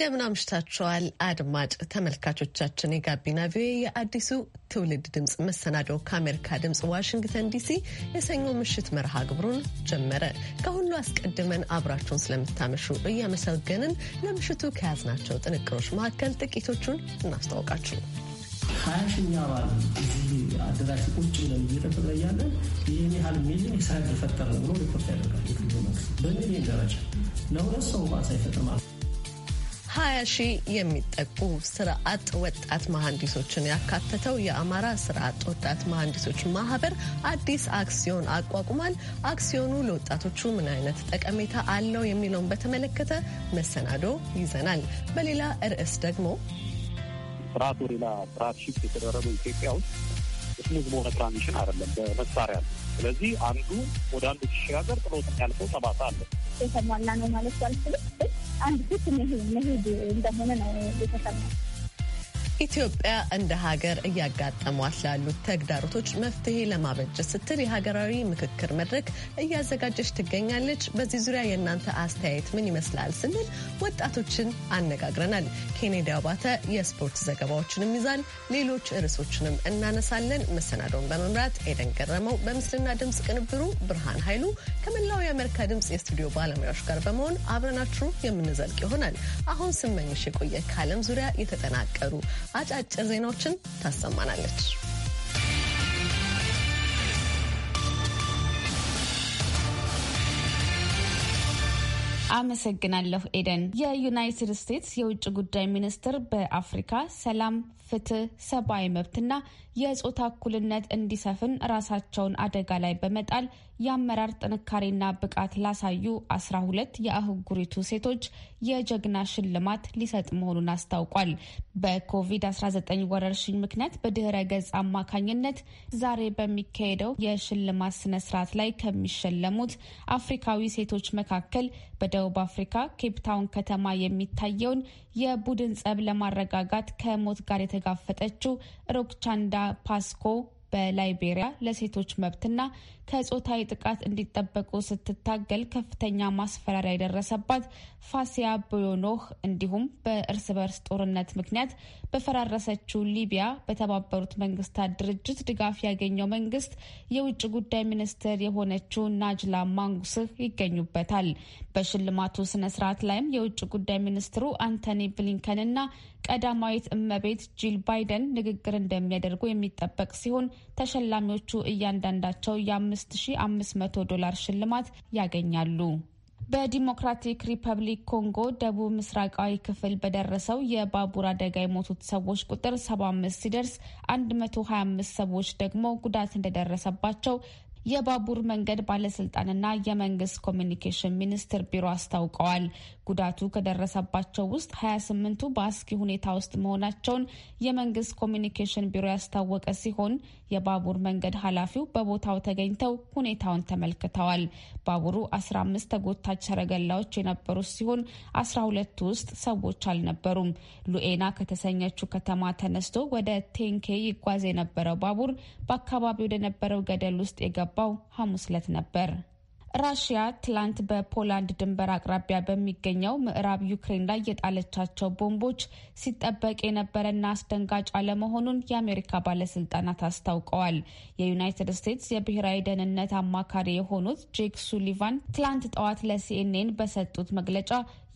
እንደምን አምሽታችኋል አድማጭ ተመልካቾቻችን። የጋቢና ቪኦኤ የአዲሱ ትውልድ ድምፅ መሰናዶ ከአሜሪካ ድምፅ ዋሽንግተን ዲሲ የሰኞ ምሽት መርሃ ግብሩን ጀመረ። ከሁሉ አስቀድመን አብራችሁን ስለምታመሹ እያመሰገንን ለምሽቱ ከያዝናቸው ጥንቅሮች መካከል ጥቂቶቹን እናስታውቃችሁ። ሀያሽኛ ሺኛ አባል እዚህ አደራሽ ቁጭ ብለን እየጠበቀ እያለ ይህን ያህል ሚሊዮን የስራ ፈጠር ብሎ ሪፖርት ያደርጋል። መንግስት በሚሊዮን ደረጃ ለሁለት ሰው እንኳን ሳይፈጥር ማለት ነው ሀያ ሺህ የሚጠቁ ስራ አጥ ወጣት መሐንዲሶችን ያካተተው የአማራ ስራ አጥ ወጣት መሐንዲሶች ማህበር አዲስ አክሲዮን አቋቁሟል። አክሲዮኑ ለወጣቶቹ ምን አይነት ጠቀሜታ አለው የሚለውን በተመለከተ መሰናዶ ይዘናል። በሌላ ርዕስ ደግሞ ስርዓቱ ሌላ ስርዓት ሽፍት የተደረገው ኢትዮጵያ ውስጥ ስሙዝ በሆነ ትራንዚሽን አይደለም፣ በመሳሪያ ነው። ስለዚህ አንዱ ወደ አንዱ ሲሸጋገር ጥሎት የሚያልፈው ጠባሳ አለ። የተሟላ ነው ማለት ባልችልም አንድ ፊት መሄድ እንደሆነ ነው የተሰማ። ኢትዮጵያ እንደ ሀገር እያጋጠሟት ላሉት ተግዳሮቶች መፍትሄ ለማበጀት ስትል የሀገራዊ ምክክር መድረክ እያዘጋጀች ትገኛለች። በዚህ ዙሪያ የእናንተ አስተያየት ምን ይመስላል ስንል ወጣቶችን አነጋግረናል። ኬኔዲ አባተ የስፖርት ዘገባዎችንም ይዛል። ሌሎች ርዕሶችንም እናነሳለን። መሰናዶውን በመምራት ኤደን ገረመው፣ በምስልና ድምፅ ቅንብሩ ብርሃን ኃይሉ ከመላው የአሜሪካ ድምፅ የስቱዲዮ ባለሙያዎች ጋር በመሆን አብረናችሁ የምንዘልቅ ይሆናል። አሁን ስመኝሽ የቆየ ከዓለም ዙሪያ የተጠናቀሩ አጫጭር ዜናዎችን ታሰማናለች። አመሰግናለሁ ኤደን። የዩናይትድ ስቴትስ የውጭ ጉዳይ ሚኒስትር በአፍሪካ ሰላም፣ ፍትህ፣ ሰብአዊ መብትና የጾታ እኩልነት እንዲሰፍን ራሳቸውን አደጋ ላይ በመጣል የአመራር ጥንካሬና ብቃት ላሳዩ አስራ ሁለት የአህጉሪቱ ሴቶች የጀግና ሽልማት ሊሰጥ መሆኑን አስታውቋል። በኮቪድ-19 ወረርሽኝ ምክንያት በድህረ ገጽ አማካኝነት ዛሬ በሚካሄደው የሽልማት ስነስርዓት ላይ ከሚሸለሙት አፍሪካዊ ሴቶች መካከል በደቡብ አፍሪካ ኬፕታውን ከተማ የሚታየውን የቡድን ጸብ ለማረጋጋት ከሞት ጋር የተጋፈጠችው ሮክቻንዳ ፓስኮ በላይቤሪያ ለሴቶች መብትና ከጾታዊ ጥቃት እንዲጠበቁ ስትታገል ከፍተኛ ማስፈራሪያ የደረሰባት ፋሲያ ቦዮኖህ እንዲሁም በእርስ በርስ ጦርነት ምክንያት በፈራረሰችው ሊቢያ በተባበሩት መንግስታት ድርጅት ድጋፍ ያገኘው መንግስት የውጭ ጉዳይ ሚኒስትር የሆነችው ናጅላ ማንጉስህ ይገኙበታል። በሽልማቱ ስነስርዓት ላይም የውጭ ጉዳይ ሚኒስትሩ አንቶኒ ብሊንከን እና ቀዳማዊት እመቤት ጂል ባይደን ንግግር እንደሚያደርጉ የሚጠበቅ ሲሆን ተሸላሚዎቹ እያንዳንዳቸው የአምስት 5500 ዶላር ሽልማት ያገኛሉ። በዲሞክራቲክ ሪፐብሊክ ኮንጎ ደቡብ ምስራቃዊ ክፍል በደረሰው የባቡር አደጋ የሞቱት ሰዎች ቁጥር 75 ሲደርስ 125 ሰዎች ደግሞ ጉዳት እንደደረሰባቸው የባቡር መንገድ ባለስልጣንና የመንግስት ኮሚኒኬሽን ሚኒስቴር ቢሮ አስታውቀዋል። ጉዳቱ ከደረሰባቸው ውስጥ 28ቱ በአስጊ ሁኔታ ውስጥ መሆናቸውን የመንግስት ኮሚኒኬሽን ቢሮ ያስታወቀ ሲሆን የባቡር መንገድ ኃላፊው በቦታው ተገኝተው ሁኔታውን ተመልክተዋል። ባቡሩ 15 ተጎታች ሰረገላዎች የነበሩ ሲሆን 12ቱ ውስጥ ሰዎች አልነበሩም። ሉኤና ከተሰኘችው ከተማ ተነስቶ ወደ ቴንኬ ይጓዝ የነበረው ባቡር በአካባቢው ወደነበረው ገደል ውስጥ የገባ የገባው ሐሙስ ዕለት ነበር። ራሽያ ትላንት በፖላንድ ድንበር አቅራቢያ በሚገኘው ምዕራብ ዩክሬን ላይ የጣለቻቸው ቦምቦች ሲጠበቅ የነበረና አስደንጋጭ አለመሆኑን የአሜሪካ ባለስልጣናት አስታውቀዋል። የዩናይትድ ስቴትስ የብሔራዊ ደህንነት አማካሪ የሆኑት ጄክ ሱሊቫን ትላንት ጠዋት ለሲኤንኤን በሰጡት መግለጫ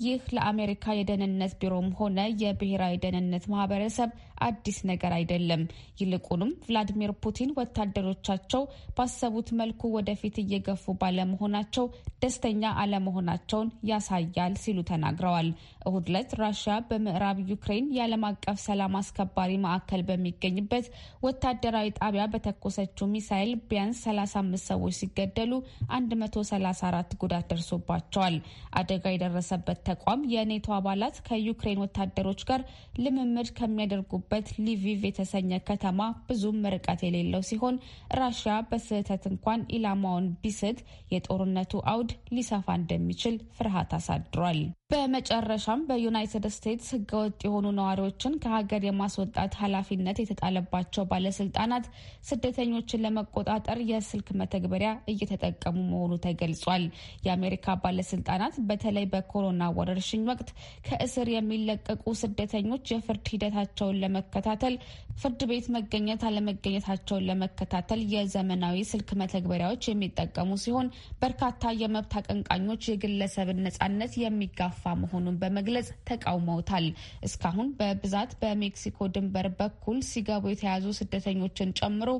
ይህ ለአሜሪካ የደህንነት ቢሮም ሆነ የብሔራዊ ደህንነት ማህበረሰብ አዲስ ነገር አይደለም። ይልቁንም ቭላዲሚር ፑቲን ወታደሮቻቸው ባሰቡት መልኩ ወደፊት እየገፉ ባለመሆናቸው ደስተኛ አለመሆናቸውን ያሳያል ሲሉ ተናግረዋል። እሁድ ዕለት ራሽያ በምዕራብ ዩክሬን የዓለም አቀፍ ሰላም አስከባሪ ማዕከል በሚገኝበት ወታደራዊ ጣቢያ በተኮሰችው ሚሳይል ቢያንስ 35 ሰዎች ሲገደሉ 134 ጉዳት ደርሶባቸዋል። አደጋ የደረሰበት ተቋም የኔቶ አባላት ከዩክሬን ወታደሮች ጋር ልምምድ ከሚያደርጉበት ሊቪቭ የተሰኘ ከተማ ብዙም ርቀት የሌለው ሲሆን ራሽያ በስህተት እንኳን ኢላማውን ቢስት የጦርነቱ አውድ ሊሰፋ እንደሚችል ፍርሃት አሳድሯል። በመጨረሻም በዩናይትድ ስቴትስ ህገወጥ የሆኑ ነዋሪዎችን ከሀገር የማስወጣት ኃላፊነት የተጣለባቸው ባለስልጣናት ስደተኞችን ለመቆጣጠር የስልክ መተግበሪያ እየተጠቀሙ መሆኑ ተገልጿል። የአሜሪካ ባለስልጣናት በተለይ በኮሮና ወረርሽኝ ወቅት ከእስር የሚለቀቁ ስደተኞች የፍርድ ሂደታቸውን ለመከታተል ፍርድ ቤት መገኘት አለመገኘታቸውን ለመከታተል የዘመናዊ ስልክ መተግበሪያዎች የሚጠቀሙ ሲሆን በርካታ የመብት አቀንቃኞች የግለሰብን ነጻነት የሚጋፋ መሆኑን በመግለጽ ተቃውመውታል። እስካሁን በብዛት በሜክሲኮ ድንበር በኩል ሲገቡ የተያዙ ስደተኞችን ጨምሮ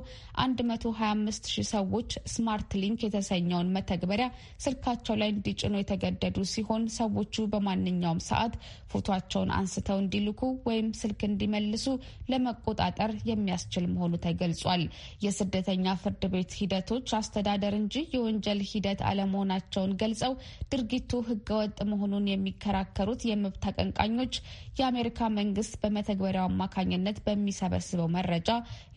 125 ሺህ ሰዎች ስማርት ሊንክ የተሰኘውን መተግበሪያ ስልካቸው ላይ እንዲጭኑ የተገደዱ ሲሆን ሰዎቹ በማንኛውም ሰዓት ፎቶቸውን አንስተው እንዲልኩ ወይም ስልክ እንዲመልሱ ለመቆጣጠር የሚያስችል መሆኑ ተገልጿል። የስደተኛ ፍርድ ቤት ሂደቶች አስተዳደር እንጂ የወንጀል ሂደት አለመሆናቸውን ገልጸው ድርጊቱ ህገወጥ መሆኑን የሚከራከሩት የመብት አቀንቃኞች የአሜሪካ መንግስት በመተግበሪያው አማካኝነት በሚሰበስበው መረጃ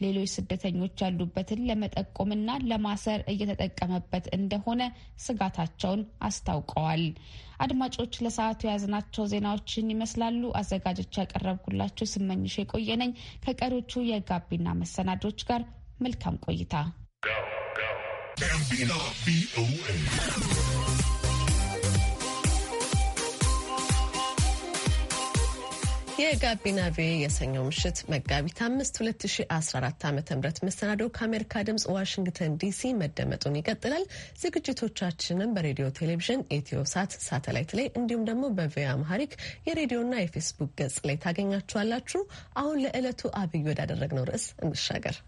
ሌሎች ስደተኞች ያሉበትን ለመጠቆምና ለማሰር እየተጠቀመበት እንደሆነ ስጋታቸውን አስታውቀዋል። አድማጮች ለሰዓቱ የያዝናቸው ዜናዎችን ይመስላሉ። አዘጋጆች ያቀረብኩላችሁ ስመኝሽ የቆየ ነኝ። ከቀሪዎቹ የጋቢና መሰናዶች ጋር መልካም ቆይታ። የጋቢና ቪኦኤ የሰኘው ምሽት መጋቢት አምስት 2014 ዓ ም መሰናዶው ከአሜሪካ ድምፅ ዋሽንግተን ዲሲ መደመጡን ይቀጥላል። ዝግጅቶቻችንም በሬዲዮ ቴሌቪዥን፣ ኢትዮ ሳት ሳተላይት ላይ እንዲሁም ደግሞ በቪ አምሃሪክ የሬዲዮና የፌስቡክ ገጽ ላይ ታገኛችኋላችሁ። አሁን ለዕለቱ አብይ ወዳደረግነው ርዕስ እንሻገር።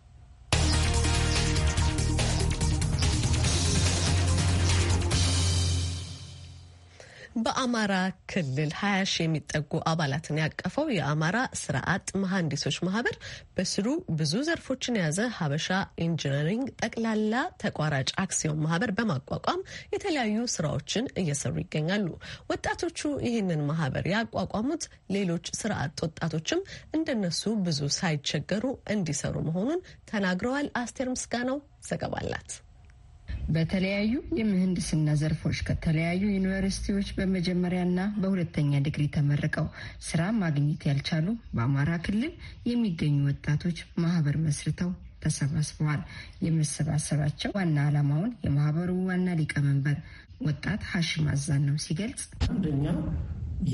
በአማራ ክልል ሀያ ሺህ የሚጠጉ አባላትን ያቀፈው የአማራ ስራ አጥ መሐንዲሶች ማህበር በስሩ ብዙ ዘርፎችን የያዘ ሀበሻ ኢንጂነሪንግ ጠቅላላ ተቋራጭ አክሲዮን ማህበር በማቋቋም የተለያዩ ስራዎችን እየሰሩ ይገኛሉ። ወጣቶቹ ይህንን ማህበር ያቋቋሙት ሌሎች ስራ አጥ ወጣቶችም እንደነሱ ብዙ ሳይቸገሩ እንዲሰሩ መሆኑን ተናግረዋል። አስቴር ምስጋናው ዘገባ አላት። በተለያዩ የምህንድስና ዘርፎች ከተለያዩ ዩኒቨርሲቲዎች በመጀመሪያና በሁለተኛ ዲግሪ ተመርቀው ስራ ማግኘት ያልቻሉ በአማራ ክልል የሚገኙ ወጣቶች ማህበር መስርተው ተሰባስበዋል። የመሰባሰባቸው ዋና ዓላማውን የማህበሩ ዋና ሊቀመንበር ወጣት ሀሽም አዛን ነው ሲገልጽ፣ አንደኛ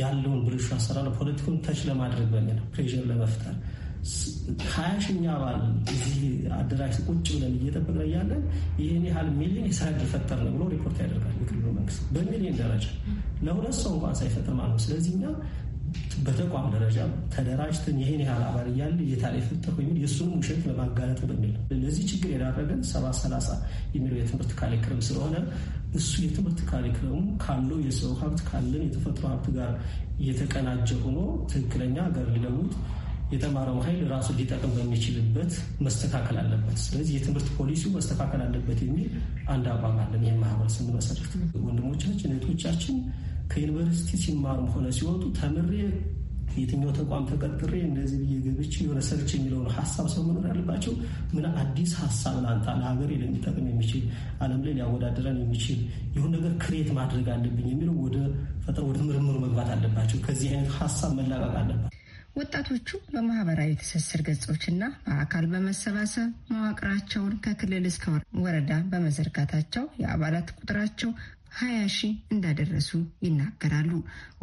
ያለውን ብልሹ አሰራር ፖለቲኩን ተች ለማድረግ በሚል ፕሬር ለመፍጠር ሀያ ሺኛ አባል እዚህ አደራጅ ቁጭ ብለን እየጠበቅን እያለን ይህን ያህል ሚሊዮን የስራ እድል ነው ብሎ ሪፖርት ያደርጋል የክልሉ መንግስት በሚሊዮን ደረጃ ለሁለት ሰው እንኳን ሳይፈጥር ማለት ነው። ስለዚህ እኛ በተቋም ደረጃ ተደራጅተን ይህን ያህል አባል እያለ የታል የፈጠር የሚል የእሱንም ውሸት ለማጋለጥ በሚል ለዚህ ችግር የዳረገን ሰባት ሰላሳ የሚለው የትምህርት ካሌ ካሪክለም ስለሆነ እሱ የትምህርት ካሌ ካሪክለሙ ካለው የሰው ሀብት ካለን የተፈጥሮ ሀብት ጋር እየተቀናጀ ሆኖ ትክክለኛ ሀገር ሊለውጥ የተማረው ኃይል ራሱ ሊጠቅም በሚችልበት መስተካከል አለበት። ስለዚህ የትምህርት ፖሊሲው መስተካከል አለበት የሚል አንድ አቋም አለን። ይህ ማህበረሰብ ስንመሰርት ወንድሞቻችን እህቶቻችን ከዩኒቨርሲቲ ሲማሩም ሆነ ሲወጡ ተምሬ የትኛው ተቋም ተቀጥሬ እንደዚህ ብዬ ገብቼ የሆነ ሰርች የሚለውን ሀሳብ ሰው መኖር ያለባቸው ምን አዲስ ሀሳብ ላንጣ ለሀገሬ ለሚጠቅም የሚችል ዓለም ላይ ሊያወዳደረን የሚችል ይሁን ነገር ክሬት ማድረግ አለብኝ የሚለው ወደ ፈጠራ ወደ ምርምሩ መግባት አለባቸው። ከዚህ አይነት ሀሳብ መላቀቅ አለባቸው። ወጣቶቹ በማህበራዊ ትስስር ገጾችና በአካል በመሰባሰብ መዋቅራቸውን ከክልል እስከ ወረዳ በመዘርጋታቸው የአባላት ቁጥራቸው ሀያ ሺ እንዳደረሱ ይናገራሉ።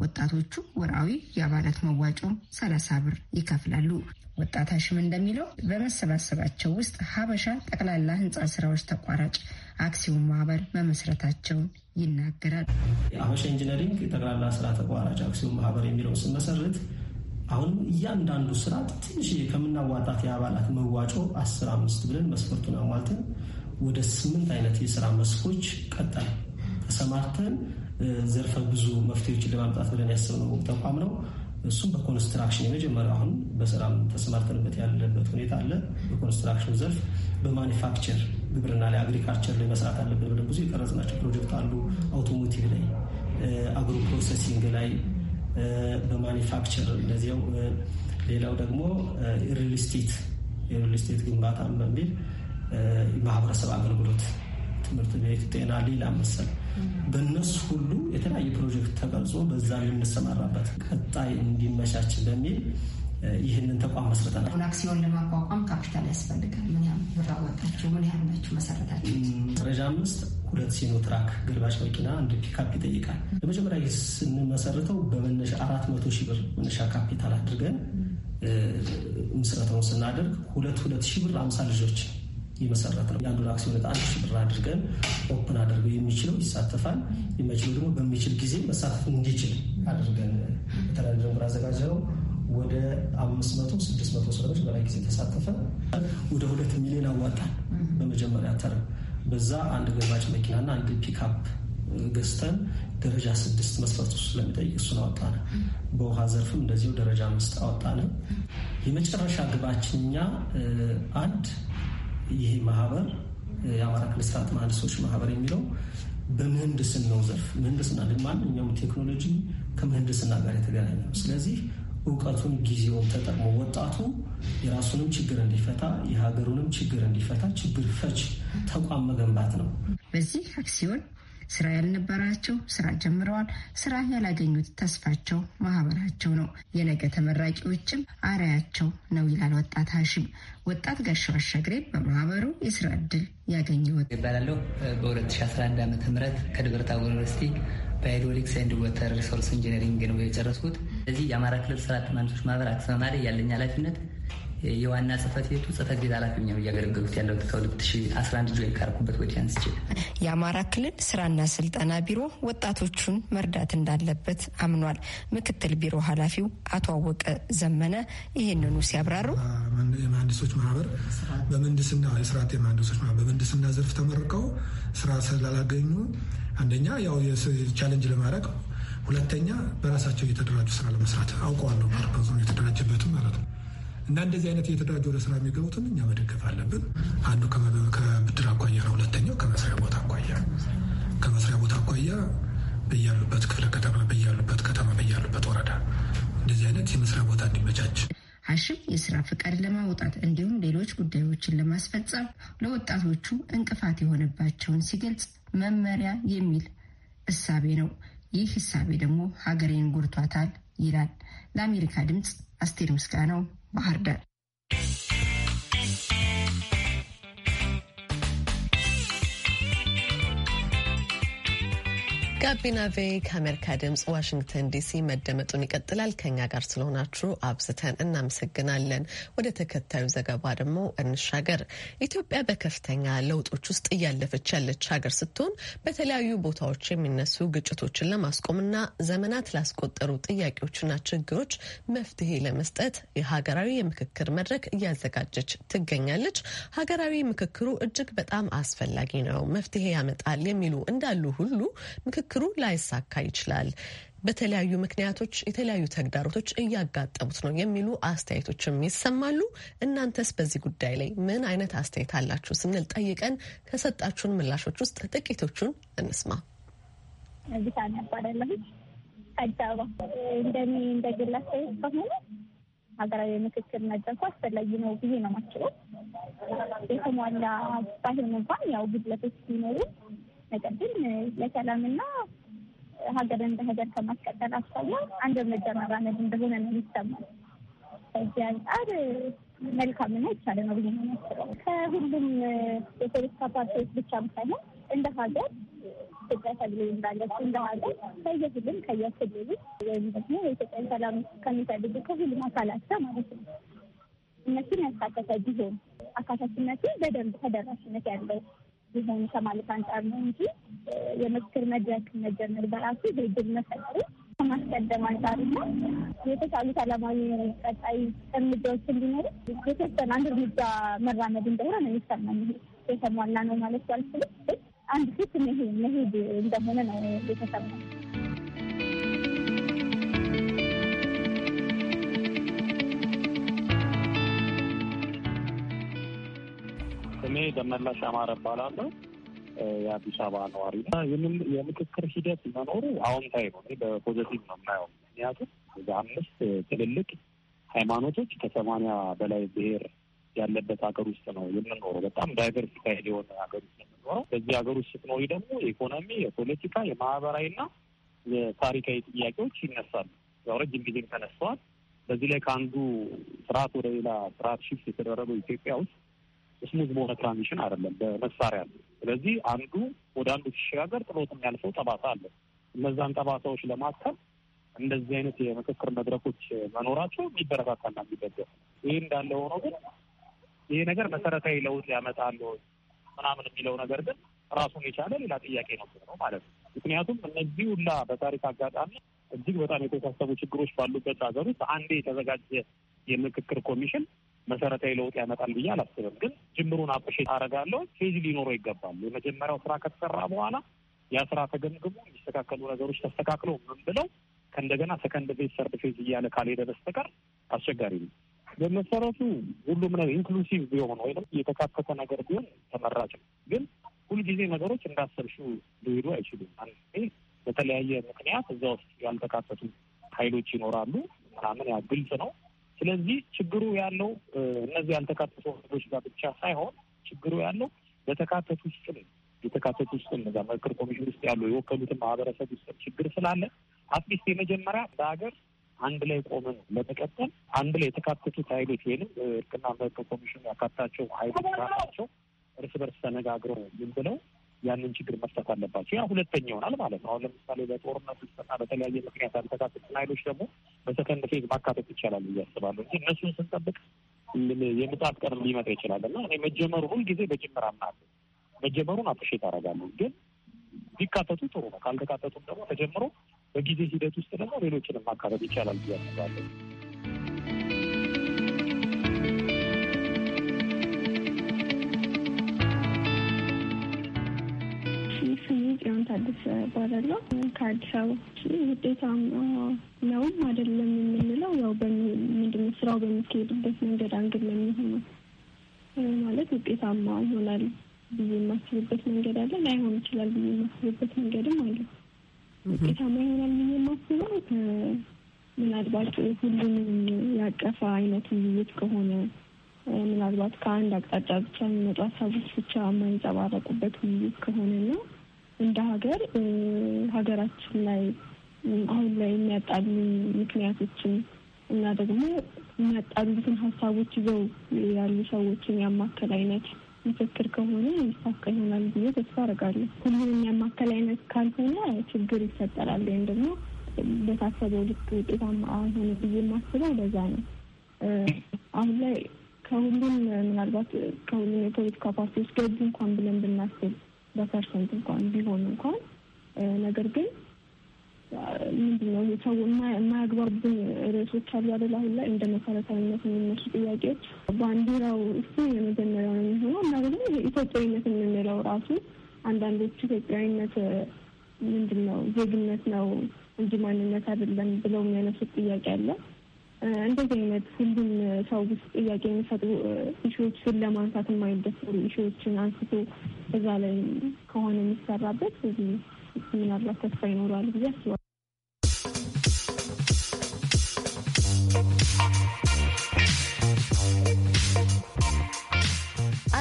ወጣቶቹ ወርአዊ የአባላት መዋጮ ሰላሳ ብር ይከፍላሉ። ወጣት ሀሽም እንደሚለው በመሰባሰባቸው ውስጥ ሀበሻ ጠቅላላ ህንፃ ስራዎች ተቋራጭ አክሲዮን ማህበር መመስረታቸውን ይናገራል። ሀበሻ ኢንጂነሪንግ ጠቅላላ ስራ ተቋራጭ አክሲዮን ማህበር የሚለው ስመሰርት አሁንም እያንዳንዱ ስራ ትንሽ ከምናዋጣት የአባላት መዋጮ አስር አምስት ብለን መስፈርቱን አሟልተን ወደ ስምንት አይነት የስራ መስኮች ቀጠል ተሰማርተን ዘርፈ ብዙ መፍትሄዎችን ለማምጣት ብለን ያሰብነው ተቋም ነው። እሱም በኮንስትራክሽን የመጀመሪያው አሁን በስራም ተሰማርተንበት ያለበት ሁኔታ አለ። በኮንስትራክሽን ዘርፍ፣ በማኒፋክቸር ግብርና ላይ አግሪካልቸር ላይ መስራት አለብን ብለን ብዙ የቀረጽናቸው ፕሮጀክት አሉ። አውቶሞቲቭ ላይ አግሮ ፕሮሰሲንግ ላይ በማኒፋክቸር እንደዚያው ሌላው ደግሞ ሪል ስቴት የሪል ስቴት ግንባታን በሚል የማህበረሰብ አገልግሎት፣ ትምህርት ቤት፣ ጤና፣ ሌላ መሰል በእነሱ ሁሉ የተለያየ ፕሮጀክት ተቀርጾ በዛ የምንሰማራበት ቀጣይ እንዲመቻች በሚል ይህንን ተቋም መስርተናል። አሁን አክሲዮን ለማቋቋም ካፒታል ያስፈልጋል። ምን ያህል ብር አወጣችሁ? ምን ያህል ናችሁ መሰረታችሁ? ደረጃ አምስት ሁለት ሲኖትራክ ግልባጭ መኪና አንድ ፒካፕ ይጠይቃል። ለመጀመሪያ ስንመሰርተው በመነሻ አራት መቶ ሺህ ብር መነሻ ካፒታል አድርገን ምስረታውን ስናደርግ ሁለት ሁለት ሺህ ብር አምሳ ልጆች የመሰረት ነው። የአንዱን አክሲዮን ዕጣ አንድ ሺህ ብር አድርገን ኦፕን አድርገው የሚችለው ይሳተፋል፣ የማይችለው ደግሞ በሚችል ጊዜ መሳተፍ እንዲችል አድርገን የተለያዩ ነገር ነው። ወደ አምስት መቶ ስድስት መቶ ሰዎች በላይ ጊዜ ተሳተፈ። ወደ ሁለት ሚሊዮን አዋጣል በመጀመሪያ ተርም በዛ አንድ ገባጭ መኪናና አንድ ፒክአፕ ገዝተን ደረጃ ስድስት መስፈርት ውስጥ ስለሚጠይቅ እሱን አወጣነ። በውሃ ዘርፍም እንደዚሁ ደረጃ አምስት አወጣነ። የመጨረሻ ግባችን እኛ አንድ ይሄ ማህበር የአማራ ክልል ስርዓት መሀንዲሶች ማህበር የሚለው በምህንድስናው ዘርፍ ምህንድስና ማንኛውም ቴክኖሎጂ ከምህንድስና ጋር የተገናኘ ነው። ስለዚህ እውቀቱን ጊዜውን ተጠቅሞ ወጣቱ የራሱንም ችግር እንዲፈታ የሀገሩንም ችግር እንዲፈታ ችግር ፈች ተቋም መገንባት ነው። በዚህ አክሲዮን ስራ ያልነበራቸው ስራ ጀምረዋል። ስራ ያላገኙት ተስፋቸው ማህበራቸው ነው፣ የነገ ተመራቂዎችም አርያቸው ነው ይላል ወጣት ሀሽም። ወጣት ጋሻው አሻግሬ በማህበሩ የስራ እድል ያገኘ ይባላለሁ። በ2011 ዓ ም ከደብረ ታቦር ዩኒቨርሲቲ በሃይድሮሊክስ ኤንድ ወተር ሪሶርስ ኢንጂነሪንግ ነው የጨረስኩት። እዚህ የአማራ ክልል ስራ አጥ ማንሶች ማህበር አክሰማማሪ ያለኝ ኃላፊነት የዋና ጽህፈት ቤቱ ጽህፈት ቤት ኃላፊ ነው እያገለገሉት ያለው ከ2011 ጆይ ካርኩበት ወዲህ አንስቼ። የአማራ ክልል ስራና ስልጠና ቢሮ ወጣቶቹን መርዳት እንዳለበት አምኗል። ምክትል ቢሮ ኃላፊው አቶ አወቀ ዘመነ ይህንኑ ሲያብራሩ የመሀንዲሶች ማህበር በምህንድስና የስርዓት የመሀንዲሶች ማህበር በምህንድስና ዘርፍ ተመርቀው ስራ ስላላገኙ አንደኛ ያው ቻለንጅ ለማድረግ ሁለተኛ በራሳቸው እየተደራጁ ስራ ለመስራት አውቀዋለሁ ማለት የተደራጀበትም ማለት ነው እና እንደዚህ አይነት እየተደራጁ ወደ ስራ የሚገቡትን እኛ መደገፍ አለብን። አንዱ ከብድር አኳያ ነው፣ ሁለተኛው ከመስሪያ ቦታ አኳያ። ከመስሪያ ቦታ አኳያ በያሉበት ክፍለ ከተማ፣ በያሉበት ከተማ፣ በያሉበት ወረዳ እንደዚህ አይነት የመስሪያ ቦታ እንዲመቻች ሀሽም የስራ ፍቃድ ለማውጣት እንዲሁም ሌሎች ጉዳዮችን ለማስፈጸም ለወጣቶቹ እንቅፋት የሆነባቸውን ሲገልጽ መመሪያ የሚል እሳቤ ነው። ይህ እሳቤ ደግሞ ሀገሬን ጎድቷታል ይላል። ለአሜሪካ ድምፅ አስቴር ምስጋናው ባህር ዳር። ጋቢና ቬ ከአሜሪካ ድምፅ ዋሽንግተን ዲሲ መደመጡን ይቀጥላል። ከኛ ጋር ስለሆናችሁ አብዝተን እናመሰግናለን። ወደ ተከታዩ ዘገባ ደግሞ እንሻገር። ኢትዮጵያ በከፍተኛ ለውጦች ውስጥ እያለፈች ያለች ሀገር ስትሆን በተለያዩ ቦታዎች የሚነሱ ግጭቶችን ለማስቆምና ዘመናት ላስቆጠሩ ጥያቄዎችና ችግሮች መፍትሄ ለመስጠት የሀገራዊ የምክክር መድረክ እያዘጋጀች ትገኛለች። ሀገራዊ ምክክሩ እጅግ በጣም አስፈላጊ ነው፣ መፍትሄ ያመጣል የሚሉ እንዳሉ ሁሉ ምክክሩ ላይሳካ ይችላል። በተለያዩ ምክንያቶች የተለያዩ ተግዳሮቶች እያጋጠሙት ነው የሚሉ አስተያየቶችም ይሰማሉ። እናንተስ በዚህ ጉዳይ ላይ ምን አይነት አስተያየት አላችሁ ስንል ጠይቀን ከሰጣችሁን ምላሾች ውስጥ ጥቂቶቹን እንስማ። እዚህ ታነባለለች አዲስ አበባ እንደኔ እንደ ግል አስተያየት ከሆነ ሀገራዊ ምክክር መድረኩ አስፈላጊ ነው ብዬ ነው የማስበው። የተሟላ ባይሆን እንኳን ያው ግድለቶች ሲኖሩ ነገር ግን ለሰላምና ሀገር እንደ ሀገር ከማስቀጠል አኳያ አንድ እርምጃ መራመድ እንደሆነ ነው ይሰማል። ከዚህ አንጻር መልካም ና ይቻለ ነው ብዬ ነው የሚያስበው። ከሁሉም የፖለቲካ ፓርቲዎች ብቻም ሳይሆን እንደ ሀገር ኢትዮጵያ ተብሎ እንዳለች እንደ ሀገር ከየፊልም ከየክልሉ ወይም ደግሞ የኢትዮጵያ ሰላም ከሚፈልጉ ከሁሉም አካላት ጋር ማለት ነው እነሱን ያካተተ ቢሆን አካታችነቱ በደንብ ተደራሽነት ያለው ሊሆኑ ከማለት አንጻር ነው እንጂ የምክክር መድረክ መጀመር በራሱ ድርድር መፈጠሩ ከማስቀደም አንጻር እና የተሻሉት አላማዊ ቀጣይ እርምጃዎች እንዲኖሩ የተወሰነ አንድ እርምጃ መራመድ እንደሆነ ነው የሚሰማኝ። የተሟላ ነው ማለት ባልችልም አንድ ፊት መሄድ እንደሆነ ነው የተሰማኝ። ደመላሽ አማረ እባላለሁ። የአዲስ አበባ ነዋሪ የምክክር ሂደት መኖሩ አዎንታዊ ነው። በፖዘቲቭ ነው የምናየው። ምክንያቱም በአምስት ትልልቅ ሃይማኖቶች ከሰማንያ በላይ ብሔር ያለበት ሀገር ውስጥ ነው የምንኖረው። በጣም ዳይቨርሲፋይድ የሆነ ሀገር ውስጥ የምንኖረው። በዚህ ሀገር ውስጥ ስትኖሪ ደግሞ የኢኮኖሚ፣ የፖለቲካ፣ የማህበራዊ የማህበራዊና የታሪካዊ ጥያቄዎች ይነሳሉ። ያው ረጅም ጊዜም ተነስተዋል። በዚህ ላይ ከአንዱ ስርዓት ወደ ሌላ ስርዓት ሽፍት የተደረገው ኢትዮጵያ ውስጥ ስሙዝ በሆነ ትራንዚሽን አይደለም፣ በመሳሪያ ነው። ስለዚህ አንዱ ወደ አንዱ ሲሸጋገር ጥሎት የሚያልፈው ጠባሳ አለ። እነዛን ጠባሳዎች ለማከል እንደዚህ አይነት የምክክር መድረኮች መኖራቸው የሚበረታታና የሚደገፍ ይህ እንዳለ ሆኖ ግን ይሄ ነገር መሰረታዊ ለውጥ ያመጣል ምናምን የሚለው ነገር ግን ራሱን የቻለ ሌላ ጥያቄ ነው ነው ማለት ነው። ምክንያቱም እነዚህ ሁላ በታሪክ አጋጣሚ እጅግ በጣም የተወሳሰቡ ችግሮች ባሉበት ሀገር ውስጥ አንዴ የተዘጋጀ የምክክር ኮሚሽን መሰረታዊ ለውጥ ያመጣል ብዬ አላስብም። ግን ጅምሩን አፕሼት አደርጋለሁ። ፌዝ ሊኖረው ይገባል። የመጀመሪያው ስራ ከተሰራ በኋላ ያ ስራ ተገምግሞ የሚስተካከሉ ነገሮች ተስተካክለው ምን ብለው ከእንደገና ሰከንድ ቤት ሰርድ ፌዝ እያለ ካልሄደ በስተቀር አስቸጋሪ ነው። በመሰረቱ ሁሉም ነገር ኢንክሉሲቭ ቢሆን ወይም የተካተተ ነገር ቢሆን ተመራጭ ነው። ግን ሁልጊዜ ነገሮች እንዳሰብሹ ሊሄዱ አይችሉም። አንዴ በተለያየ ምክንያት እዛ ውስጥ ያልተካተቱ ኃይሎች ይኖራሉ ምናምን፣ ያ ግልጽ ነው። ስለዚህ ችግሩ ያለው እነዚህ ያልተካተቱ ወረዶች ጋር ብቻ ሳይሆን ችግሩ ያለው በተካተቱ ውስጥ የተካተቱ ውስጥ እነዛ ምክክር ኮሚሽን ውስጥ ያሉ የወከሉትን ማህበረሰብ ውስጥ ችግር ስላለ አትሊስት የመጀመሪያ በሀገር አንድ ላይ ቆመን ለመቀጠል አንድ ላይ የተካተቱት ኃይሎች ወይንም እርቅና ምክክር ኮሚሽኑ ያካታቸው ኃይሎች ራሳቸው እርስ በርስ ተነጋግረው ዝም ብለው ያንን ችግር መፍታት አለባቸው። ያ ሁለተኛ ይሆናል ማለት ነው። አሁን ለምሳሌ በጦርነት ውስጥና በተለያየ ምክንያት ያልተካተቱን ኃይሎች ደግሞ በሰከንድ ፌዝ ማካተት ይቻላል ብዬ አስባለሁ እንጂ እነሱን ስንጠብቅ የምጣት ቀን ሊመጣ ይችላል እና እኔ መጀመሩ ሁልጊዜ በጅምር አምናለሁ። መጀመሩን አፕሪሼት አደርጋለሁ፣ ግን ቢካተቱ ጥሩ ነው። ካልተካተቱም ደግሞ ተጀምሮ በጊዜ ሂደት ውስጥ ደግሞ ሌሎችንም ማካተት ይቻላል ብዬ አስባለሁ። ስሜ ጽዮን ታደሰ እባላለሁ። ከአዲስ አበባ ውጤታማ ነውም አይደለም የምንለው ያው ምንድን ነው ስራው በሚካሄድበት መንገድ አንግድ ለሚሆነው ማለት ውጤታማ ይሆናል ብዬ የማስብበት መንገድ አለ፣ ላይሆን ይችላል ብዬ የማስብበት መንገድም አለ። ውጤታማ ይሆናል ብዬ የማስበው ምናልባት ሁሉንም ያቀፈ አይነት ውይይት ከሆነ ምናልባት ከአንድ አቅጣጫ ብቻ የሚመጡ ሀሳቦች ብቻ የማይንጸባረቁበት ውይይት ከሆነ ነው እንደ ሀገር ሀገራችን ላይ አሁን ላይ የሚያጣሉ ምክንያቶችን እና ደግሞ የሚያጣሉትን ሀሳቦች ይዘው ያሉ ሰዎችን ያማከል አይነት ምክክር ከሆነ የሚሳካ ይሆናል ብዬ ተስፋ አደርጋለሁ። ሁሉም የሚያማከል አይነት ካልሆነ ችግር ይፈጠራል ወይም ደግሞ በታሰበው ልክ ውጤታማ ሆነ ብዬ የማስበው ለዛ ነው። አሁን ላይ ከሁሉም ምናልባት ከሁሉም የፖለቲካ ፓርቲዎች ገቡ እንኳን ብለን ብናስብ በፐርሰንት እንኳን ቢሆን እንኳን ነገር ግን ምንድነው ሰው የማያግባቡን ርዕሶች አሉ አይደል? አሁን ላይ እንደ መሰረታዊነት የሚነሱ ጥያቄዎች ባንዲራው እሱ የመጀመሪያው ነው የሚሆነው እና ደግሞ ኢትዮጵያዊነት የምንለው ራሱ አንዳንዶቹ ኢትዮጵያዊነት ምንድነው ዜግነት ነው እንጂ ማንነት አይደለም ብለው የሚያነሱት ጥያቄ አለ። እንደዚህ አይነት ሁሉም ሰው ውስጥ ጥያቄ የሚፈጥሩ እሾዎችን ለማንሳት የማይደፈሩ ኢሹዎችን አንስቶ እዛ ላይ ከሆነ የሚሰራበት ምናልባት ተስፋ ይኖረዋል ጊዜ አስባለሁ።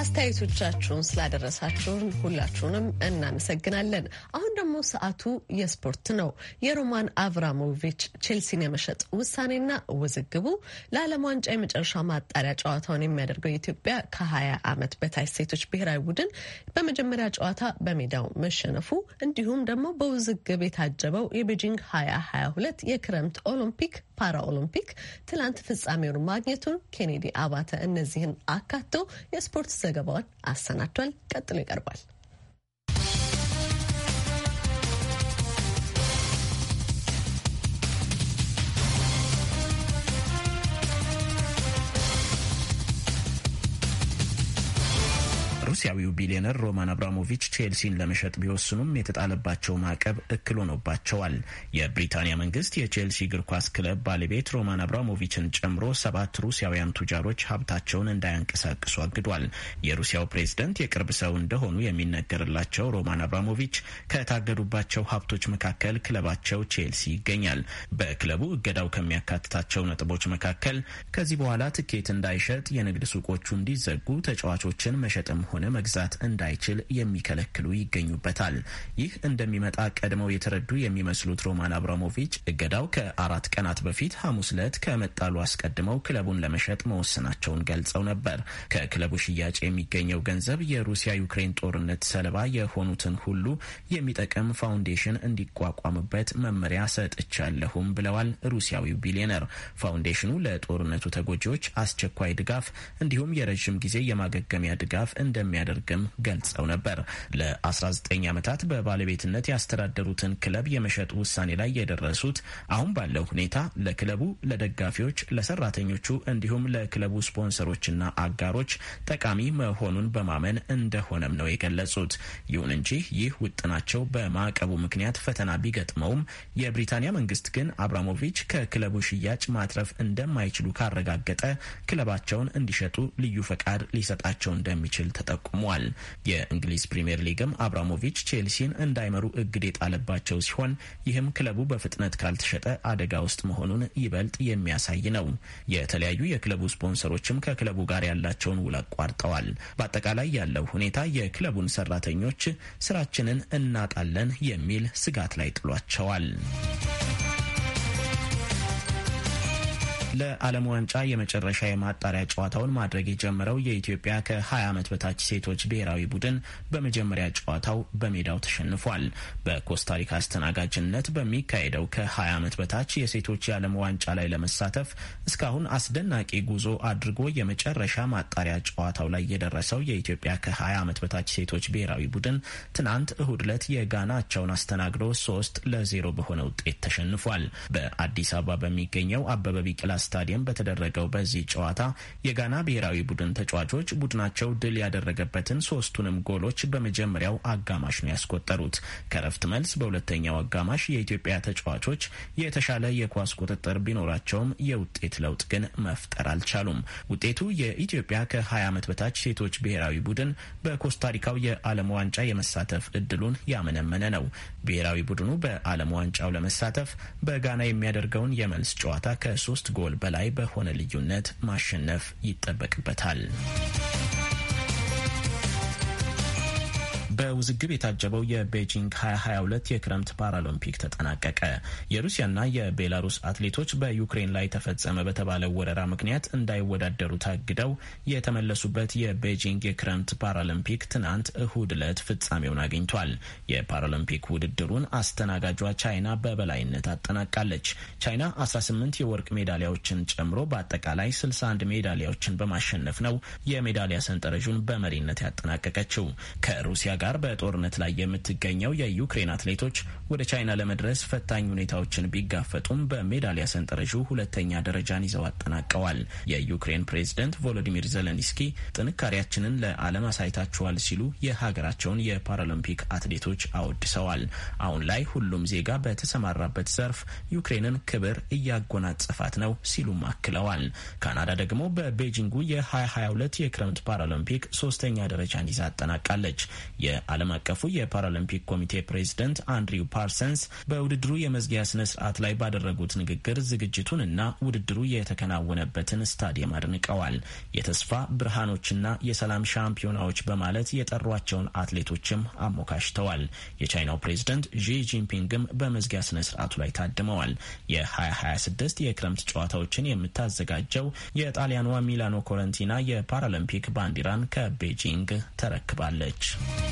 አስተያየቶቻችሁን ስላደረሳችሁን ሁላችሁንም እናመሰግናለን። አሁን ደግሞ ሰዓቱ የስፖርት ነው። የሮማን አብራሞቪች ቼልሲን የመሸጥ ውሳኔና ውዝግቡ ለዓለም ዋንጫ የመጨረሻ ማጣሪያ ጨዋታውን የሚያደርገው የኢትዮጵያ ከ20 ዓመት በታች ሴቶች ብሔራዊ ቡድን በመጀመሪያ ጨዋታ በሜዳው መሸነፉ እንዲሁም ደግሞ በውዝግብ የታጀበው የቤጂንግ 2022 የክረምት ኦሎምፒክ ፓራ ኦሎምፒክ ትላንት ፍጻሜውን ማግኘቱን ኬኔዲ አባተ እነዚህን አካቶ የስፖርት ዘገባውን አሰናድቷል። ቀጥሎ ይቀርባል። ሩሲያዊው ቢሊዮነር ሮማን አብራሞቪች ቼልሲን ለመሸጥ ቢወስኑም የተጣለባቸው ማዕቀብ እክል ሆኖባቸዋል። የብሪታንያ መንግስት የቼልሲ እግር ኳስ ክለብ ባለቤት ሮማን አብራሞቪችን ጨምሮ ሰባት ሩሲያውያን ቱጃሮች ሀብታቸውን እንዳያንቀሳቅሱ አግዷል። የሩሲያው ፕሬዝደንት የቅርብ ሰው እንደሆኑ የሚነገርላቸው ሮማን አብራሞቪች ከታገዱባቸው ሀብቶች መካከል ክለባቸው ቼልሲ ይገኛል። በክለቡ እገዳው ከሚያካትታቸው ነጥቦች መካከል ከዚህ በኋላ ትኬት እንዳይሸጥ፣ የንግድ ሱቆቹ እንዲዘጉ፣ ተጫዋቾችን መሸጥም ሆነ መግዛት እንዳይችል የሚከለክሉ ይገኙበታል። ይህ እንደሚመጣ ቀድመው የተረዱ የሚመስሉት ሮማን አብራሞቪች እገዳው ከአራት ቀናት በፊት ሐሙስ ዕለት ከመጣሉ አስቀድመው ክለቡን ለመሸጥ መወሰናቸውን ገልጸው ነበር። ከክለቡ ሽያጭ የሚገኘው ገንዘብ የሩሲያ ዩክሬን ጦርነት ሰለባ የሆኑትን ሁሉ የሚጠቅም ፋውንዴሽን እንዲቋቋምበት መመሪያ ሰጥቻለሁም ብለዋል። ሩሲያዊው ቢሊዮነር ፋውንዴሽኑ ለጦርነቱ ተጎጂዎች አስቸኳይ ድጋፍ እንዲሁም የረዥም ጊዜ የማገገሚያ ድጋፍ እንደሚያደ እንደሚያደርግም ገልጸው ነበር። ለ19 ዓመታት በባለቤትነት ያስተዳደሩትን ክለብ የመሸጥ ውሳኔ ላይ የደረሱት አሁን ባለው ሁኔታ ለክለቡ፣ ለደጋፊዎች፣ ለሰራተኞቹ እንዲሁም ለክለቡ ስፖንሰሮችና አጋሮች ጠቃሚ መሆኑን በማመን እንደሆነም ነው የገለጹት። ይሁን እንጂ ይህ ውጥናቸው በማዕቀቡ ምክንያት ፈተና ቢገጥመውም የብሪታንያ መንግስት ግን አብራሞቪች ከክለቡ ሽያጭ ማትረፍ እንደማይችሉ ካረጋገጠ ክለባቸውን እንዲሸጡ ልዩ ፈቃድ ሊሰጣቸው እንደሚችል ተጠቁ ጠቁሟል። የእንግሊዝ ፕሪምየር ሊግም አብራሞቪች ቼልሲን እንዳይመሩ እግድ የጣለባቸው ሲሆን ይህም ክለቡ በፍጥነት ካልተሸጠ አደጋ ውስጥ መሆኑን ይበልጥ የሚያሳይ ነው። የተለያዩ የክለቡ ስፖንሰሮችም ከክለቡ ጋር ያላቸውን ውል አቋርጠዋል። በአጠቃላይ ያለው ሁኔታ የክለቡን ሰራተኞች ስራችንን እናጣለን የሚል ስጋት ላይ ጥሏቸዋል። ለዓለም ዋንጫ የመጨረሻ የማጣሪያ ጨዋታውን ማድረግ የጀመረው የኢትዮጵያ ከ20 ዓመት በታች ሴቶች ብሔራዊ ቡድን በመጀመሪያ ጨዋታው በሜዳው ተሸንፏል። በኮስታሪካ አስተናጋጅነት በሚካሄደው ከ20 ዓመት በታች የሴቶች የዓለም ዋንጫ ላይ ለመሳተፍ እስካሁን አስደናቂ ጉዞ አድርጎ የመጨረሻ ማጣሪያ ጨዋታው ላይ የደረሰው የኢትዮጵያ ከ20 ዓመት በታች ሴቶች ብሔራዊ ቡድን ትናንት እሁድ ዕለት የጋናቸውን አስተናግዶ ሶስት ለዜሮ በሆነ ውጤት ተሸንፏል። በአዲስ አበባ በሚገኘው አበበ ቢቂላ ስታዲየም በተደረገው በዚህ ጨዋታ የጋና ብሔራዊ ቡድን ተጫዋቾች ቡድናቸው ድል ያደረገበትን ሶስቱንም ጎሎች በመጀመሪያው አጋማሽ ነው ያስቆጠሩት። ከረፍት መልስ በሁለተኛው አጋማሽ የኢትዮጵያ ተጫዋቾች የተሻለ የኳስ ቁጥጥር ቢኖራቸውም የውጤት ለውጥ ግን መፍጠር አልቻሉም። ውጤቱ የኢትዮጵያ ከ20 ዓመት በታች ሴቶች ብሔራዊ ቡድን በኮስታሪካው የዓለም ዋንጫ የመሳተፍ እድሉን ያመነመነ ነው። ብሔራዊ ቡድኑ በዓለም ዋንጫው ለመሳተፍ በጋና የሚያደርገውን የመልስ ጨዋታ ከሶስት ጎል ጎል በላይ በሆነ ልዩነት ማሸነፍ ይጠበቅበታል። በውዝግብ የታጀበው የቤጂንግ 2022 የክረምት ፓራሎምፒክ ተጠናቀቀ። የሩሲያና የቤላሩስ አትሌቶች በዩክሬን ላይ ተፈጸመ በተባለ ወረራ ምክንያት እንዳይወዳደሩ ታግደው የተመለሱበት የቤጂንግ የክረምት ፓራሎምፒክ ትናንት እሁድ ዕለት ፍጻሜውን አግኝቷል። የፓራሎምፒክ ውድድሩን አስተናጋጇ ቻይና በበላይነት አጠናቃለች። ቻይና 18 የወርቅ ሜዳሊያዎችን ጨምሮ በአጠቃላይ 61 ሜዳሊያዎችን በማሸነፍ ነው የሜዳሊያ ሰንጠረዡን በመሪነት ያጠናቀቀችው ከሩሲያ ጋር ጋር በጦርነት ላይ የምትገኘው የዩክሬን አትሌቶች ወደ ቻይና ለመድረስ ፈታኝ ሁኔታዎችን ቢጋፈጡም በሜዳሊያ ሰንጠረዡ ሁለተኛ ደረጃን ይዘው አጠናቀዋል። የዩክሬን ፕሬዝደንት ቮሎዲሚር ዘለንስኪ ጥንካሬያችንን ለዓለም አሳይታችኋል ሲሉ የሀገራቸውን የፓራሊምፒክ አትሌቶች አወድሰዋል። አሁን ላይ ሁሉም ዜጋ በተሰማራበት ዘርፍ ዩክሬንን ክብር እያጎናጸፋት ነው ሲሉም አክለዋል። ካናዳ ደግሞ በቤጂንጉ የ2022 የክረምት ፓራሊምፒክ ሶስተኛ ደረጃን ይዛ አጠናቃለች። የዓለም አቀፉ የፓራሊምፒክ ኮሚቴ ፕሬዝደንት አንድሪው ፓርሰንስ በውድድሩ የመዝጊያ ስነ ስርዓት ላይ ባደረጉት ንግግር ዝግጅቱንና ውድድሩ የተከናወነበትን ስታዲየም አድንቀዋል። የተስፋ ብርሃኖችና የሰላም ሻምፒዮናዎች በማለት የጠሯቸውን አትሌቶችም አሞካሽተዋል። የቻይናው ፕሬዝደንት ዢ ጂንፒንግም በመዝጊያ ስነ ስርዓቱ ላይ ታድመዋል። የ2026 የክረምት ጨዋታዎችን የምታዘጋጀው የጣሊያኗ ሚላኖ ኮረንቲና የፓራሊምፒክ ባንዲራን ከቤጂንግ ተረክባለች።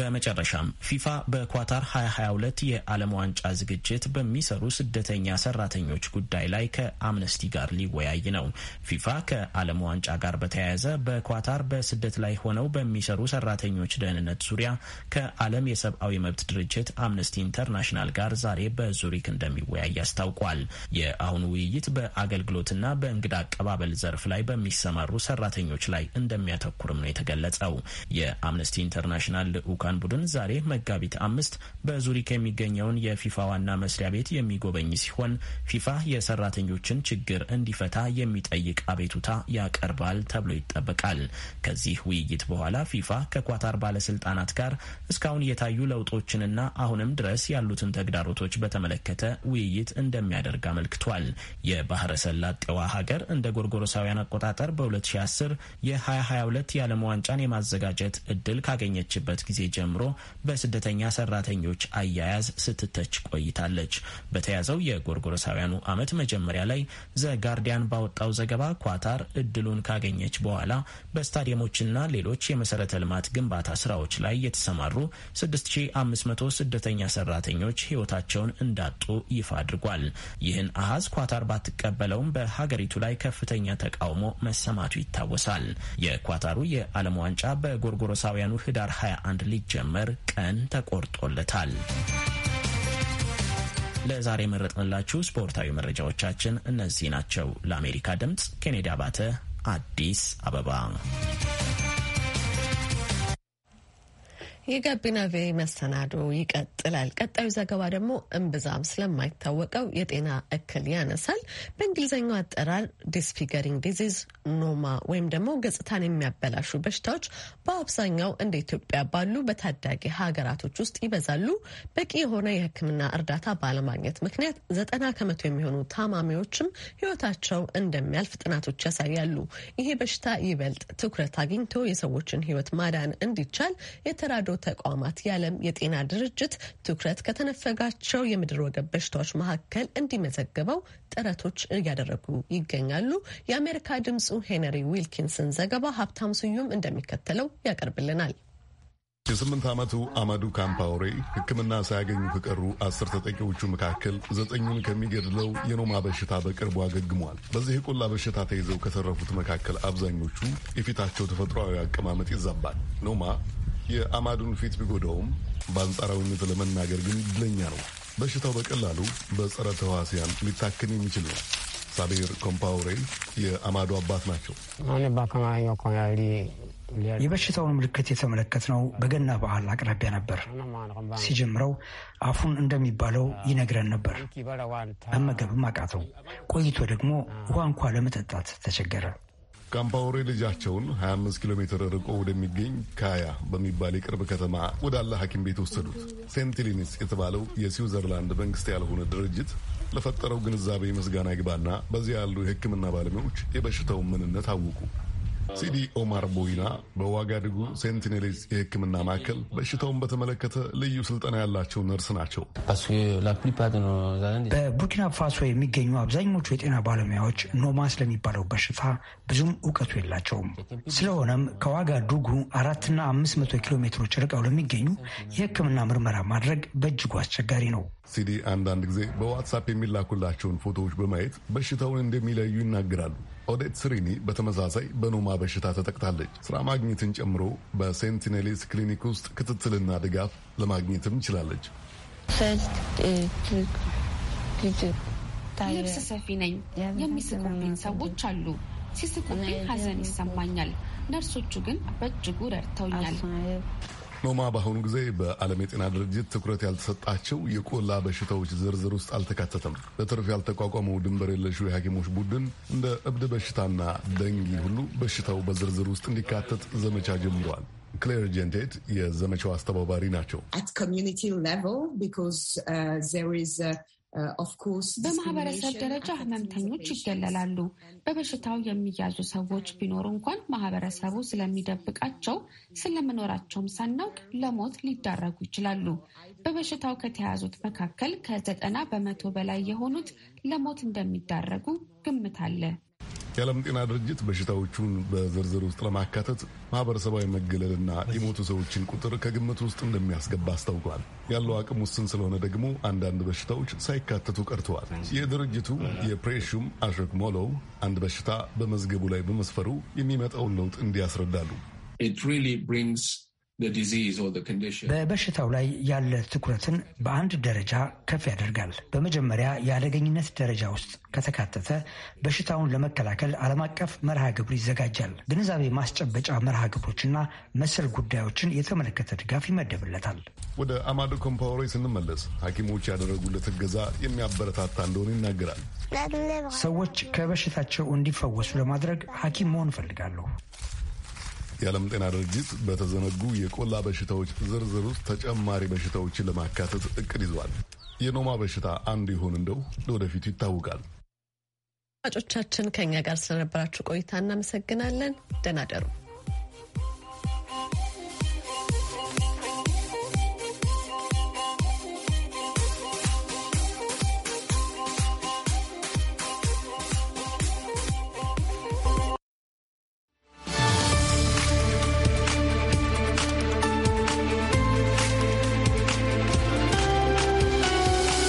በመጨረሻም ፊፋ በኳታር 2022 የዓለም ዋንጫ ዝግጅት በሚሰሩ ስደተኛ ሰራተኞች ጉዳይ ላይ ከአምነስቲ ጋር ሊወያይ ነው። ፊፋ ከዓለም ዋንጫ ጋር በተያያዘ በኳታር በስደት ላይ ሆነው በሚሰሩ ሰራተኞች ደህንነት ዙሪያ ከዓለም የሰብአዊ መብት ድርጅት አምነስቲ ኢንተርናሽናል ጋር ዛሬ በዙሪክ እንደሚወያይ አስታውቋል። የአሁኑ ውይይት በአገልግሎትና በእንግዳ አቀባበል ዘርፍ ላይ በሚሰማሩ ሰራተኞች ላይ እንደሚያተኩርም ነው የተገለጸው። የአምነስቲ ኢንተርናሽናል ልዑካ የልዑካን ቡድን ዛሬ መጋቢት አምስት በዙሪክ የሚገኘውን የፊፋ ዋና መስሪያ ቤት የሚጎበኝ ሲሆን ፊፋ የሰራተኞችን ችግር እንዲፈታ የሚጠይቅ አቤቱታ ያቀርባል ተብሎ ይጠበቃል። ከዚህ ውይይት በኋላ ፊፋ ከኳታር ባለስልጣናት ጋር እስካሁን የታዩ ለውጦችንና አሁንም ድረስ ያሉትን ተግዳሮቶች በተመለከተ ውይይት እንደሚያደርግ አመልክቷል። የባህረ ሰላጤዋ ሀገር እንደ ጎርጎሮሳውያን አቆጣጠር በ2010 የ2022 የዓለም ዋንጫን የማዘጋጀት እድል ካገኘችበት ጊዜ ጀምሮ በስደተኛ ሰራተኞች አያያዝ ስትተች ቆይታለች። በተያዘው የጎርጎሮሳውያኑ ዓመት መጀመሪያ ላይ ዘጋርዲያን ባወጣው ዘገባ ኳታር እድሉን ካገኘች በኋላ በስታዲየሞችና ሌሎች የመሰረተ ልማት ግንባታ ስራዎች ላይ የተሰማሩ 6500 ስደተኛ ሰራተኞች ህይወታቸውን እንዳጡ ይፋ አድርጓል። ይህን አሃዝ ኳታር ባትቀበለውም በሀገሪቱ ላይ ከፍተኛ ተቃውሞ መሰማቱ ይታወሳል። የኳታሩ የዓለም ዋንጫ በጎርጎሮሳውያኑ ህዳር 21 እንዲጀመር ቀን ተቆርጦለታል። ለዛሬ የመረጥንላችሁ ስፖርታዊ መረጃዎቻችን እነዚህ ናቸው። ለአሜሪካ ድምፅ ኬኔዲ አባተ አዲስ አበባ የጋቢና ቬ መሰናዶ ይቀጥላል። ቀጣዩ ዘገባ ደግሞ እምብዛም ስለማይታወቀው የጤና እክል ያነሳል። በእንግሊዝኛው አጠራር ዲስፊገሪንግ ዲዚዝ፣ ኖማ ወይም ደግሞ ገጽታን የሚያበላሹ በሽታዎች በአብዛኛው እንደ ኢትዮጵያ ባሉ በታዳጊ ሀገራቶች ውስጥ ይበዛሉ። በቂ የሆነ የሕክምና እርዳታ ባለማግኘት ምክንያት ዘጠና ከመቶ የሚሆኑ ታማሚዎችም ሕይወታቸው እንደሚያልፍ ጥናቶች ያሳያሉ። ይሄ በሽታ ይበልጥ ትኩረት አግኝቶ የሰዎችን ሕይወት ማዳን እንዲቻል የተራዶ የተለመዱ ተቋማት የዓለም የጤና ድርጅት ትኩረት ከተነፈጋቸው የምድር ወገብ በሽታዎች መካከል እንዲመዘገበው ጥረቶች እያደረጉ ይገኛሉ። የአሜሪካ ድምፁ ሄነሪ ዊልኪንስን ዘገባ ሀብታም ስዩም እንደሚከተለው ያቀርብልናል። የስምንት ዓመቱ አማዱ ካምፓውሬ ሕክምና ሳያገኙ ከቀሩ አስር ተጠቂዎቹ መካከል ዘጠኙን ከሚገድለው የኖማ በሽታ በቅርቡ አገግሟል። በዚህ የቆላ በሽታ ተይዘው ከተረፉት መካከል አብዛኞቹ የፊታቸው ተፈጥሯዊ አቀማመጥ ይዛባል። ኖማ የአማዱን ፊት ቢጎዳውም በአንጻራዊነት ለመናገር ግን ድለኛ ነው። በሽታው በቀላሉ በጸረ ተዋሲያን ሊታከም የሚችል ነው። ሳቤር ኮምፓውሬ የአማዱ አባት ናቸው። የበሽታውን ምልክት የተመለከትነው በገና በዓል አቅራቢያ ነበር። ሲጀምረው አፉን እንደሚባለው ይነግረን ነበር። መመገብም አቃተው። ቆይቶ ደግሞ ውሃ እንኳ ለመጠጣት ተቸገረ። ካምፓወሬ ልጃቸውን 25 ኪሎ ሜትር ርቆ ወደሚገኝ ካያ በሚባል የቅርብ ከተማ ወዳለ ሐኪም ቤት ወሰዱት። ሴንት የተባለው የስዊዘርላንድ መንግስት ያልሆነ ድርጅት ለፈጠረው ግንዛቤ ምስጋና ይግባና በዚያ ያሉ የሕክምና ባለሙያዎች የበሽታውን ምንነት አወቁ። ሲዲ ኦማር ቦይና በዋጋድጉ ሴንቲኔሌዝ የሕክምና ማዕከል በሽታውን በተመለከተ ልዩ ስልጠና ያላቸው ነርስ ናቸው። በቡርኪና ፋሶ የሚገኙ አብዛኞቹ የጤና ባለሙያዎች ኖማ ስለሚባለው በሽታ ብዙም እውቀቱ የላቸውም። ስለሆነም ከዋጋድጉ አራትና አምስት መቶ ኪሎ ሜትሮች ርቀው ለሚገኙ የሕክምና ምርመራ ማድረግ በእጅጉ አስቸጋሪ ነው። ሲዲ አንዳንድ ጊዜ በዋትሳፕ የሚላኩላቸውን ፎቶዎች በማየት በሽታውን እንደሚለዩ ይናገራሉ። ኦዴት ስሪኒ በተመሳሳይ በኖማ በሽታ ተጠቅታለች። ስራ ማግኘትን ጨምሮ በሴንቲኔሌስ ክሊኒክ ውስጥ ክትትልና ድጋፍ ለማግኘትም ችላለች። uh, ልብስ ሰፊ ነኝ። የሚስቁብኝ ሰዎች አሉ። ሲስቁብኝ ሐዘን ይሰማኛል። ነርሶቹ ግን በእጅጉ ረድተውኛል። ኖማ በአሁኑ ጊዜ በዓለም የጤና ድርጅት ትኩረት ያልተሰጣቸው የቆላ በሽታዎች ዝርዝር ውስጥ አልተካተተም። ለትርፍ ያልተቋቋመው ድንበር የለሹ የሐኪሞች ቡድን እንደ እብድ በሽታና ደንጊ ሁሉ በሽታው በዝርዝር ውስጥ እንዲካተት ዘመቻ ጀምሯል። ክሌር ጀንቴት የዘመቻው አስተባባሪ ናቸው። Uh, በማህበረሰብ ደረጃ ህመምተኞች ይገለላሉ። በበሽታው የሚያዙ ሰዎች ቢኖሩ እንኳን ማህበረሰቡ ስለሚደብቃቸው ስለመኖራቸውም ሳናውቅ ለሞት ሊዳረጉ ይችላሉ። በበሽታው ከተያዙት መካከል ከዘጠና በመቶ በላይ የሆኑት ለሞት እንደሚዳረጉ ግምት አለ። የዓለም ጤና ድርጅት በሽታዎቹን በዝርዝር ውስጥ ለማካተት ማህበረሰባዊ መገለልና የሞቱ ሰዎችን ቁጥር ከግምት ውስጥ እንደሚያስገባ አስታውቋል። ያለው አቅም ውስን ስለሆነ ደግሞ አንዳንድ በሽታዎች ሳይካተቱ ቀርተዋል። የድርጅቱ የፕሬሹም አሸክ ሞሎው አንድ በሽታ በመዝገቡ ላይ በመስፈሩ የሚመጣውን ለውጥ እንዲያስረዳሉ። It really brings በበሽታው ላይ ያለ ትኩረትን በአንድ ደረጃ ከፍ ያደርጋል። በመጀመሪያ የአደገኝነት ደረጃ ውስጥ ከተካተተ በሽታውን ለመከላከል ዓለም አቀፍ መርሃ ግብር ይዘጋጃል። ግንዛቤ ማስጨበጫ መርሃ ግብሮችና መሰል ጉዳዮችን የተመለከተ ድጋፍ ይመደብለታል። ወደ አማዶ ኮምፓውሬ ስንመለስ ሐኪሞች ያደረጉለት እገዛ የሚያበረታታ እንደሆነ ይናገራል። ሰዎች ከበሽታቸው እንዲፈወሱ ለማድረግ ሐኪም መሆን እፈልጋለሁ። የዓለም ጤና ድርጅት በተዘነጉ የቆላ በሽታዎች ዝርዝር ውስጥ ተጨማሪ በሽታዎችን ለማካተት እቅድ ይዟል። የኖማ በሽታ አንዱ ይሆን እንደው ለወደፊቱ ይታወቃል። አድማጮቻችን ከእኛ ጋር ስለነበራችሁ ቆይታ እናመሰግናለን። ደህና ደሩ።